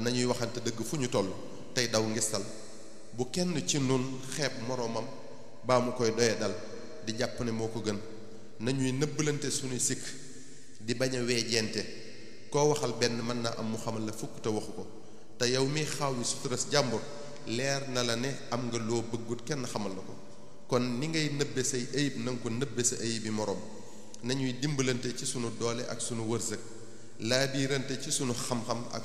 nañuy waxante dëgg fu ñu toll tey daw ngistal bu kenn ci nun xeeb moroomam baa mu koy doyee dal di jàpp ne moo ko gën nañuy nëbbalante suñu sikk di bañ a weejente koo waxal benn mën naa am mu xamal la fukk te waxu ko te yow mi xaaw yi suturas jàmbur leer na la ne am nga loo bëggut kenn xamal la ko kon ni ngay nëbbe say ayib na nga ko nëbbe sa ayib bi moroom nañuy dimbalante ci sunu doole ak sunu wërsëg laa ci sunu xam-xam ak